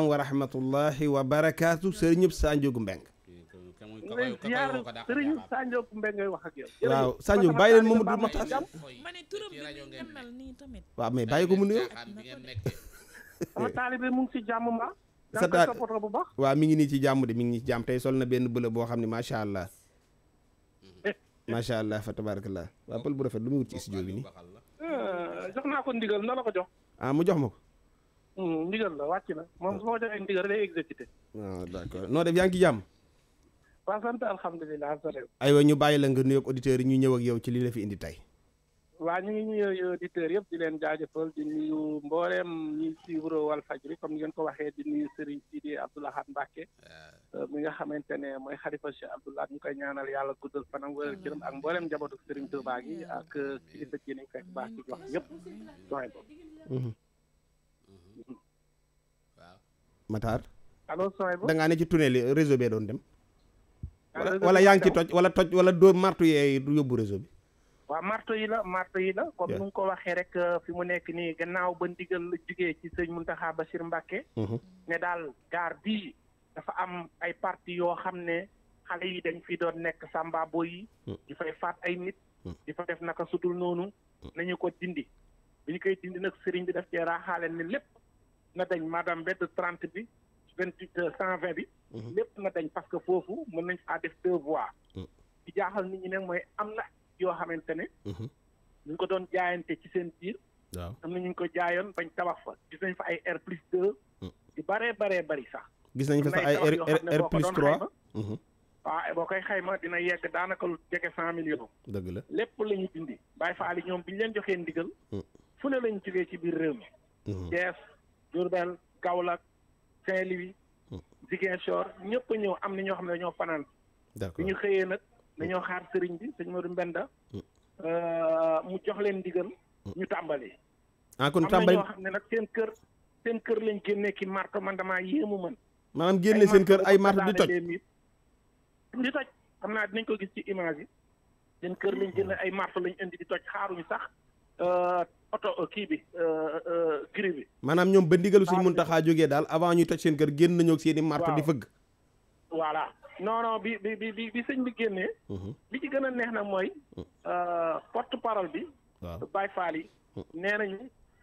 wa rahmatullahi wa barakaatu sëriñ Sanjoogu Mbeng sëriñ Sanjoogu Mbeng ngay wax ak yow waaw Sanjoogu bàyyi leen Mamadou Makhtar waaw mais bàyyi ko mu nuyoo sama taalibe mu ngi ci jàmm ma sa taal bu baax mi ngi nii ci jàmm de mi ngi nii tey sol na benn bële boo xam ne macha allah macha fa tabarakallah waa pël bu rafet lu muy wut ci studio bi nii eh, jox naa ko ndigal na la ko jox ah, mu jox ma ko Hmm, ndigal la wàcc na moom moo ah. ma joxee ndigal day exécuté. waaw ah, d'accord noo def yaa ngi ci jàmm. waaw sant alhamdulilah. aywa ñu bàyyi la nga nuyoog auditeurs yi ñu ñëw ak yow ci li la fi indi tey. waa ñu ngi nuyu auditeurs yëpp di leen jaajëfal di nuyu mbooleem ñi suivre Walfadjri comme ni ngeen ko waxee di nuyu Serigne Sidi Abdou Lahad Mbacké ah. euh, mi nga xamante ne mooy xalifa Cheikh Abdou koy ñaanal yàlla guddal fanam wëral cëram ak mbooleem njabootu Serigne Touba gi ak euh, kilifa yi baax ci wax yëpp ko Matar. allo Sohaibou da ngaa ne ci tunnel yi réseau bee doon dem. Ah, wala yaa ngi ci toj wala toj wala doo marto yee du yóbbu réseau bi. waaw marto yi la marto yi la. comme nu nga ko waxee rek euh, fi mu nekk nii gannaaw ba ndigal jugee ci sëñ Mountakha Bassirou Mbacké. Mm-hmm. ne daal gaar bi dafa am ay parti yoo xam ne xale yi dañ fi doon nekk sàmbaabo yi. Mm. di fay faat ay nit. Mm. di fa def naka sudul noonu. Mm. nañu ko dindi. bi ñu koy dindi nag sëriñ bi daf cee raaxaale ne lépp na dañ maanaam mbedd trente bi vingt huit euh, cent vingt bi mhm. lépp na dañ parce que foofu mën nañ faa def deux voies mm. jaaxal nit ñi nag mooy am na yoo xamante ne mhm. ñu ko doon jaayante ci seen biir waaw na ñu ngi ko jaayoon bañ tabax fa gis nañ fa ay R plus deux mm. yu bëree bëree bari sax gis nañ fa sax ay R plus trois mhm. waaw boo koy xayma dina yegg daanaka lu jege cent millions dëgg la lépp la ñu dindi bàyyi faali ñoom bi ñu leen joxee ndigal mm. fu ne lañ jógee ci biir réew mi Diourbel Kaolack Saint-Louis. Hmm. Ziguinchor ñëpp ñëw am na ñoo xam ne dañoo fanaan. d'accord ñu xëyee nag hmm. dañoo xaar sëriñ bi sëñ Modou Mbenda. Hmm. Euh, mu jox leen ndigal. ñu tàmbali. ah kon tàmbali am na ñoo xam ne nag seen kër seen kër lañ génnee ki marto man damaa yéemu man. maanaam génne seen kër ay marto di toj di toj xam naa dinañ ko gis ci image yi seen kër lañ génne ay marto lañ indi di toj xaaruñu sax. Euh, oto euh, kii bi euh, euh, gri bi maanaam ñoom ba ndigalu suñ ah, Muntaxa jóge daal avant ñuy toj seen kër génn nañoo ak seen i marte di fëgg voilà non bi bi bi bi sëñ bi génnee bi mhm. ci gën a neex na mooy mhm. port parole bi waaw Baye Fall yi mhm. nee nañu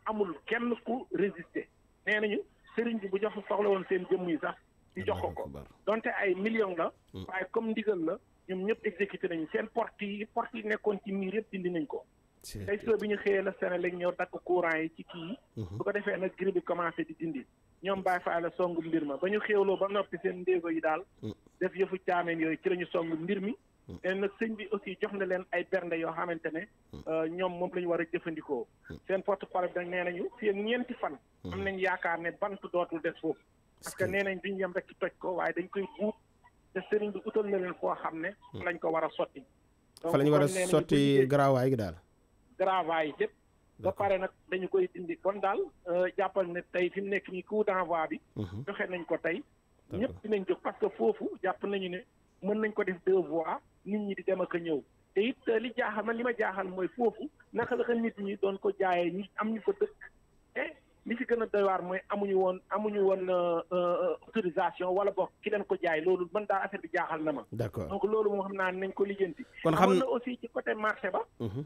amul kenn ku résister nee nañu sëriñ bi bu jox soxla woon seen jëmm yi sax di jox ko ko donte ay million la waaye comme ndigal la ñoom ñëpp exécuté nañu seen porte yi porte yi nekkoon ci miir yëpp dindi nañ ko tey soo bi ñu xëyee la Senelec ñëw takk courant yi ci kii yi mhm. bu ko defee nag gri bi commencé di dindi ñoom Baye Fall songu mbir ma ba ñu xéewloo ba noppi seen ndéego yi daal mhm. def yëfu caameen yooyu ci lañu songu mbir mi mhm. te nag sëñ bi aussi jox na leen ay bernde yoo xamante ne euh, ñoom moom la ñu war a jëfandikoo seen porte-parole bi nag nee nañu fii ak ñeenti fan am nañ yaakaar ne bant dootul des foofu parce que nee nañ ñu yem rek ci toj ko waaye dañ koy buub te sëriñ bi leen foo xam ne lañ ko war a sotti fa lañ war a sotti garaawaay gi daal gravats yi yëpp. ba pare nag dañu koy dindi kon daal euh, jàppal ne tey fi mu nekk nii coup d'envoi bi. Mhm. joxe nañ ko tey. ñëpp nañ jóg parce que foofu jàpp nañu ne mën nañ ko def deux voies nit ñi di dem ak a ñëw. te it euh, li jaaxal man li ma jaaxal mooy foofu naka la ko nit ñi doon ko jaayee ñi am ñu ko dëkk te li ci gën a doy waar mooy amuñu woon amuñu woon euh, autorisation wala boog ki leen ko jaay loolu man daal affaire bi jaaxal na ma. donc loolu moo xam naa nañ ko lijjanti. kon xam aussi ci côté marché ba. Mhm.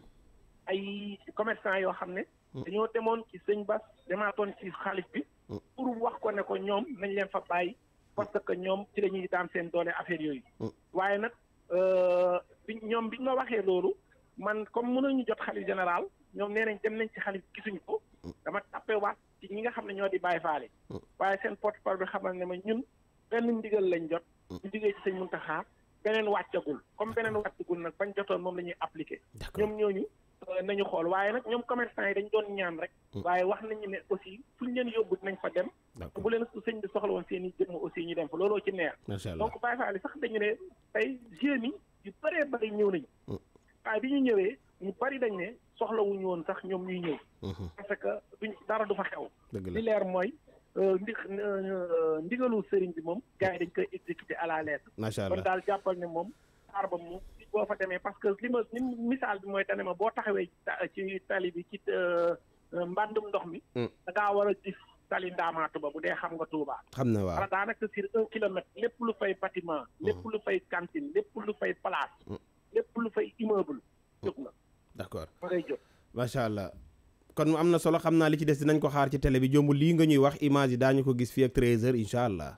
ay commercant yoo xam ne. Mm. dañoo demoon ci sëñ Bas demaatoon ci xalif bi. Mm. pour wax ko ne ko ñoom nañ leen fa bàyyi. parce que ñoom ci la ñuy daan seen doole affaire yooyu. Mm. waaye nag euh, bi ñoom bi ñu ma waxee loolu man comme mënuñu jot xalif général ñoom nee nañ dem nañ ci xalif gisuñ ko. dama tappewaat ci ñi nga xam ne ñoo di bàyyi faale. waaye seen porte-parole bi xamal ne ma ñun benn ndigal lañ jot. ñu liggéey ci sëñ Muntaxa beneen wàccagul comme beneen wàccagul nag bañ jotoon moom la ñuy appliqué. ñoom ñooñu. Euh, nañu xool waaye nag ñoom commerçant yi dañ doon ñaan rek. Mm. waaye wax nañu ne aussi fuñ leen yóbbu nañ fa dem. bu leen sëñ bi soxla woon seen i jëmm aussi ñu dem fa looloo ci neex. donc Baye Fall sax dañu ne tey jeunes yu bëree bëri ñëw nañ mm. waaye bi ñu ñëwee ñu bëri dañ ne soxlawuñu woon sax ñoom ñuy ñëw. Mm-hmm. parce que duñ dara du fa xew. li leer mooy. Euh, ndi euh, ndigalu sëriñ bi moom. gars yi dañ koy exécuter à la lettre. macha allah kon daal jàppal moom aar ba mu boo fa demee parce que li ma ni misaal bi mooy tane ma boo taxawee ci tali bi ci euh, euh, mbàndum ndox mi. Mm. da ngaa war a gis tali ndaamaatu ba bu dee xam nga Touba. xam na waaw daanaka sur un kilomètre lépp lu fay bâtiment. Mm. lépp lu fay cantine lépp lu fay place. Mm. lépp lu fay immeuble. jóg na d'accord fa ngay jóg. macha allah kon am na solo xam naa li ci des dinañ ko xaar ci télé bi jomb lii nga ñuy wax image daa daañu ko gis fii ak 13 heures incha allah.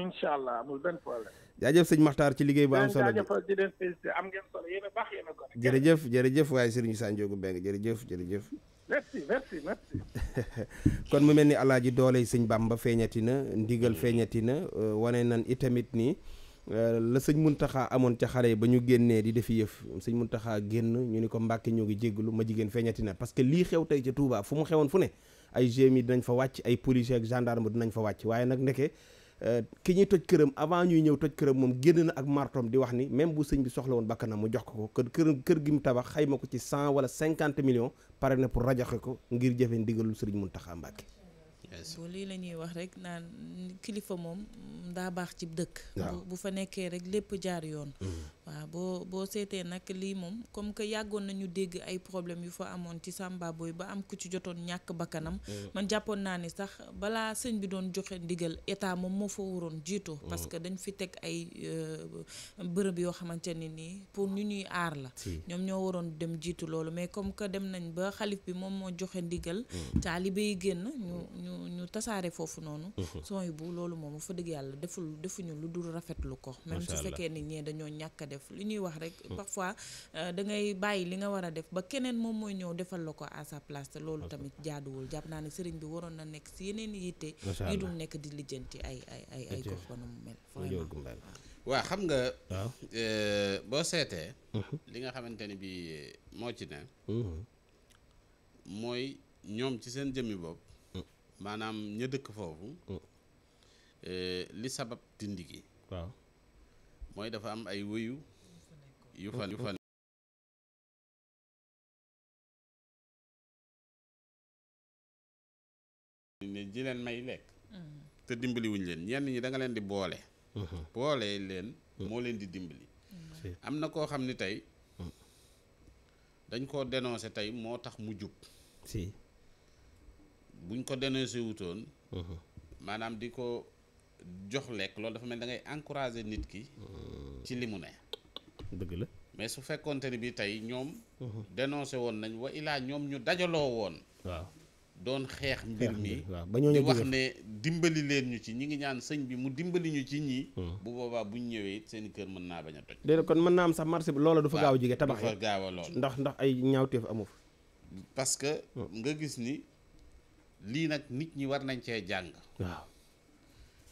incha allah amul benn problème. jaajëf sëñ Makhtar ci liggéey bu am solo bi di leen félicité jërëjëf jërëjëf waaye Serigne Sanjoogu Mbeng jërëjëf jërëjëf. merci merci merci. kon mu mel ni alaaji dooley sëñ Bàmba feeñati na ndigal feeñati na euh, wane nan itamit nii euh, la sëñ Muntaxa amoon ca xale yi ba ñu génnee di def yëf sëñ Muntaxa génn ñu ni ko Mbàkke ñoo ngi jégglu ma jigéen feeñati na parce que lii xew tey ca Touba fu mu xewoon fu ne ay GMI dinañ fa wàcc ay policiers ak gendarme fa wàcc waaye nag Euh, ki ñuy toj këram avant ñuy ñëw toj këram moom génn na ak martom di wax ni même bu sëñ bi soxla woon na mu jox ko ko kër kër gi mu tabax xayma ko ci cent wala cinquante millions pare na pour rajaxe ko ngir jëfe ndigalul sëriñ Muntaxa Mbàkke boo lii la ñuy wax rek naan kilifa moom daa baax ci dëkk bu fa nekkee rek lépp jaar yoon mm. waaw boo boo seetee nag lii moom comme que yàggoon nañu dégg ay problème yu fa amoon ci Samba Boy ba am ku ci jotoon ñàkk bakkanam mm, mm. man jàppoon naa ni sax balaa sëñ bi doon joxe ndigal état moom moo fa waroon jiitoo mm. parce que dañ fi teg ay euh, bërëb yoo xamante ne nii pour ñu ñuy aar la ñoom ñoo waroon dem jiitu loolu mais comme que dem nañ ba xalif bi moom moo joxe ndigal taalibe yi génn tasaare foofu noonu mhm. son bu loolu moom fa dëgg yàlla deful defuñu lu dul rafetlu ko même su fekkee ni ñee dañoo ñàkk a def li ñuy wax rek mhm. parfois euh, da ngay bàyyi li nga war a def ba keneen moom mooy ñëw defal la ko à sa place te loolu tamit jaaduwul jàpp naa ne sëriñ bi waroon na nekk si yeneen yitte yi dul nekk di lijjanti ay ay ay ay gox ba nu mu mel xam nga ah. euh, boo seetee mhm. li nga xamante ni bi moo ci mooy ñoom ci seen jëmmi bopp maanaam ña dëkk foofu mm. eh, li sabab dindi gi waaw mooy dafa am ay wëyu yu fa yu ji leen may lekk mm. te dimbaliwuñ leen ñenn ñi danga leen di boole mm-hmm. boole leen mm. moo leen di dimbali am na koo xam ni tey dañ koo dénoncé tey moo tax mu jub si buñ ko dénoncé wutoon. Uh-huh. maanaam di ko jox lekk loolu dafa mel da ngay encourager nit ki. Uh-huh. ci li mu ne. dëgg la mais su fekkonte ni bi tey ñoom. Uh-huh. dénoncé woon nañ wa ilaa ñoom ñu dajaloo woon. waaw doon xeex mbir mi. waaw di wax ne dimbali leen ñu ci ñi ngi ñaan sëñ bi mu dimbali ñu ci ñii. bu boobaa buñ ñëwee it seen kër mën naa bañ a toj. déedéet kon mën naa am sax marché bi loola du fa gaaw a jige tabax ndax ndax ay ñaawteef amu fa. parce que nga gis ni. lii nag nit ñi war nañ cee jàng.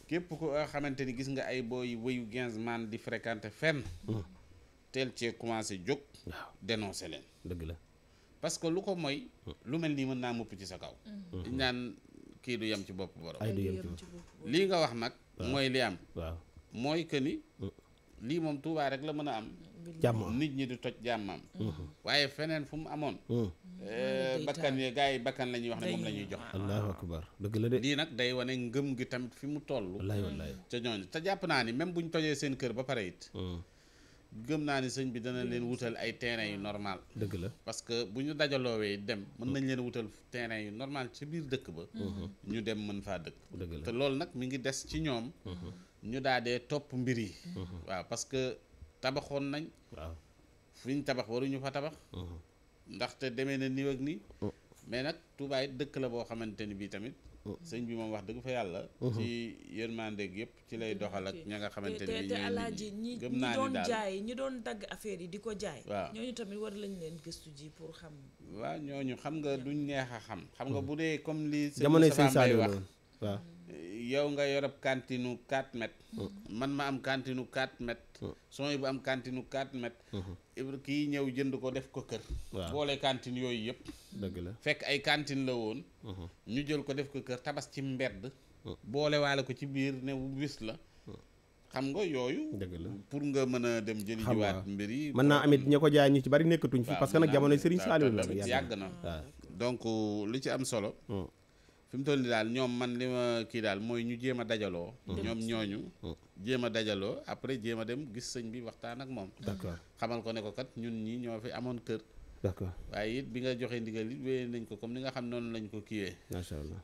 képp ko xamante ni gis nga ay booy wéyu quinze man di fréquenté fenn. Hmm. teel cee commencé jóg. waaw leen. dëgg la que lu ko moy hmm. lu mel nii mën naa mëpp ci sa kaw. Hmm. di naan kii du yem ci bopp borom. lii nga wax nag. mooy li am. mooy que lii moom Tuubaa rek la mën a am. jàmm nit ñi di toj jàmmam mm-hmm. waaye feneen fu mu amoon mm. eh, bakkan yi gars yi bakkan la ñuy wax ne moom la ñuy jox allahu ah. akbar dëgg la de lii nag day wane ngëm gi tamit fi mu toll wallaay wallaay ca ñooñu te jàpp naa ni même buñ tojee seen kër ba pare it mm. gëm naa ni sëñ bi dana leen wutal ay terrain yu normal dëgg la parce que bu ñu dajaloowee dem mën nañ leen wutal terrain yi normal ci biir dëkk ba mm-hmm. ñu dem mën faa dëkk dëgg te loolu nag mi ngi des ci ñoom mm-hmm. ñu daadee topp mbir yi waaw parce tabaxoon nañ. waaw fu tabax waruñu fa tabax. Mhm. ndaxte demee na nii ak nii. Mhm. mais nag Touba it dëkk la boo xamante ni bii tamit. Mhm. sëñ bi moom wax dëgg fa yàlla. ci yërmandeeg yëpp ci lay doxal ak ña nga xamante ne bii. ñooy ñi naa daal ñi doon dagg affaire yi di ko jaay. waaw ñooñu tamit war lañ leen gëstu ji pour xam. waaw ñooñu xam nga duñ neex a xam. xam nga bu dee comme li. jamonoy sëñ Saliou wax. yow nga yorab kantinu 4 mètres. Mm. man ma am kantinu 4 mètres. Mm. sooy bu am kantinu 4 mètres. Mm-hmm. kii ñëw jënd ko def ko kër. waaw boole kantine yooyu yëpp. dëgg la fekk ay kantine la woon. Mm-hmm. ñu jël ko def ko kër tabas ci mbedd. Mm. boole waale ko ci biir ne bis la. xam nga yooyu. dëgg la pour nga mën a dem jëli jiwaat mbir yi. mën naa amit ña ko jaay ñu ci bari nekkatuñ fi. parce que nag jamono Serigne Saliou la yàgg na. donc li ci am solo. fi mu toll nii daal ñoom man li ma kii daal mooy ñu jéem a dajaloo. Mm. Mm. ñoom ñooñu. Mm. jéem a dajaloo après jéem a dem gis sëñ bi waxtaan ak moom. d'accord xamal ko ne ko kat ñun ñii ñoo fi amoon kër. d'accord waaye yit bi nga joxe ndigal yi wéyee nañ ko comme ni nga xam noonu lañ ko kiiwee. macha allah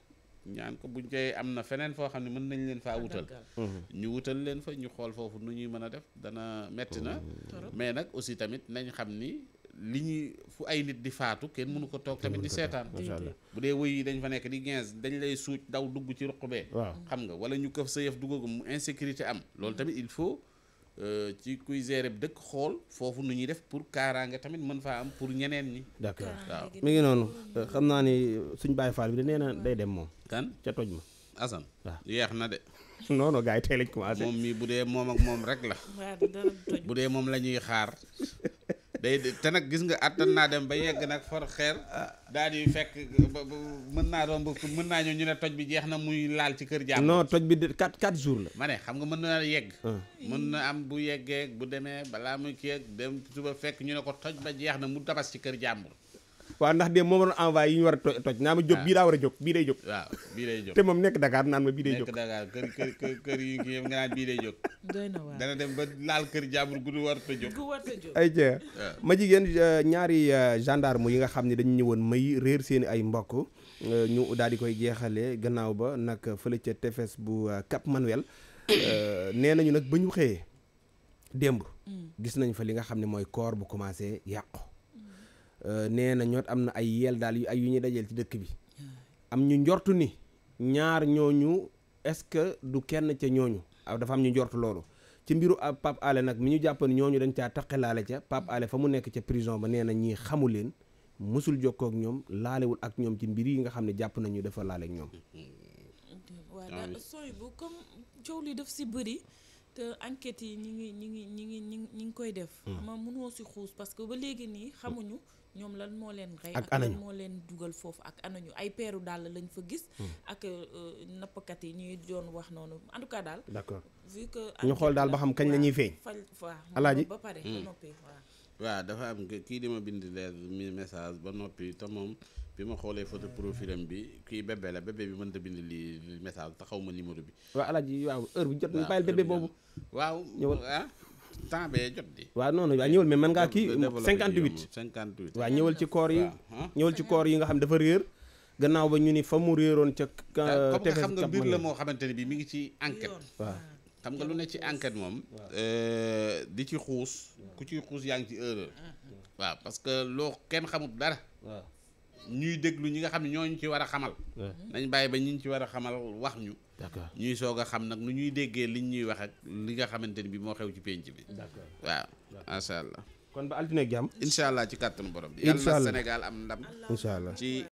ñaan ko buñ koy am na feneen foo xam ne mën nañ leen faa wutal. Mm-hmm. ñu wutal leen fa ñu xool foofu nu ñuy mën a def dana metti na. Mm-hmm. mais nag aussi tamit nañ xam ni. li ñuy fu ay nit di faatu kenn mënu ko toog tamit di seetaan bu dee wëy yi dañ fa nekk di gens dañ lay suuc daw dugg ci ruq bee waaw xam nga wala ñu këf sa yëf duggagu mu insécurité am loolu tamit il faut euh, ci kuy bi dëkk xool foofu nu ñuy def pour kaaraa kaaraange tamit mën faa am pour ñeneen ñi d'accord waaw mi ngi noonu xam naa ni suñ Baay Faal bi da nee na day dem moom kan ca toj ma Assane yeex na de non non yi tey lañ ko moom mii bu dee moom ak moom rek la moom la ñuy xaar day te nag gis nga attan naa dem ba yegg nag for xeer daal yi fekk mën naa doom romb mën naa ñoom ñu ne toj bi jeex na muy laal ci kër jàmm non toj bi de quatre quatre jours la ma ne xam nga mën na yegg ah. mën na am bu yeggee bu demee balaa muy kii dem suba fekk ñu ne ko toj ba jeex na mu tabas ci kër jàmbur waaw ndax de moo a doon envoyé yi ñu war a toj naa ma jóg ah. bii daa war a jóg bii day jóg waaw bii te moom nekk Dakar naan ma bii day jóg nekk Dakar bii day jóg dana dem ba laal kër jàmbur gu war a jóg war a ay ah. ma jigéen euh, ñaari euh, gendarme yi nga xam ne dañu ñëwoon may réer seen ay mbokk euh, ñu daal di koy jeexale gannaaw ba nag fële ca tefes bu Cap Manuel nee nañu nag ba ñu xëyee démb mm. gis nañ fa li nga xam ne mooy koor bu commencé yàqu Euh, nee na ñoot am na ay yeel daal yu ay yu ñuy dajale ci dëkk bi am ñu njortu ni ñaar ñooñu est-ce que du kenn ca ñooñu ah, dafa am ñu njortu loolu ci mbiru ah, Pape Alé nag mi ñu jàppoon ñooñu dañ caa taqelaale ca Pape Alé fa mu nekk ca prison ba nee na ñii xamu leen musul jokkoo ak ñoom laalewul ak ñoom ci mbir yi nga xam ne jàpp nañu dafa laale ñoom. waaw daal sooy bu comme coow li daf si bëri te enquêtes yi ñi ngi ñi ngi ñi ngi ñi ngi koy def. xam hmm. nga si xuus parce que ba léegi nii xamuñu. ñoom lan moo leen rey ak lan moo leen dugal foofu ak anañu ay peeru dàll lañ fa gis hmm. ak euh, euh, nappkat yi ñuy doon wax noonu en tout daal d'accord vu ñu xool daal ba xam kañ la ñuy feeñ alaaji ba pare ba hmm. noppi waaw waaw dafa am kii di ma bind leer mi message ba noppi te moom bi ma xoolee photo profil bi kii bébé la bébé bi mënta bind lii message te xaw ma numéro bi waaw alaaji waaw heure bi jot ñu bàyyil bébé boobu waaw ah temps bee jot di waaw noonu waa ñëwal mais mën ngaa kii 58 58 waaw ñëwal ci koor yi ah. ñëwal ci koor yi nga xam dafa réer gannaaw ba ñu ni fa mu réeroon ca comme nga xam nga mbir la moo xamante ne bi mu ngi ci enquête waaw xam nga lu ne ci enquête moom euh, di ci xuus ku ci xuus yaa ngi ci erreur ah. waaw parce que loo kenn xamut dara ñuy déglu ñi nga xam ñoo ñu ci war a xamal nañ bàyyi ba ñu ñu ci war a xamal wax ñu d'accord ñuy soog a xam nag nu ñuy déggee liñ ñuy wax ak li nga xamante ni bi moo xew ci penc bi d'accord waaw macha allah kon ba altine jàmm incha allah ci kàttanu borom bi yàlla na Sénégal am ndam incha allah ci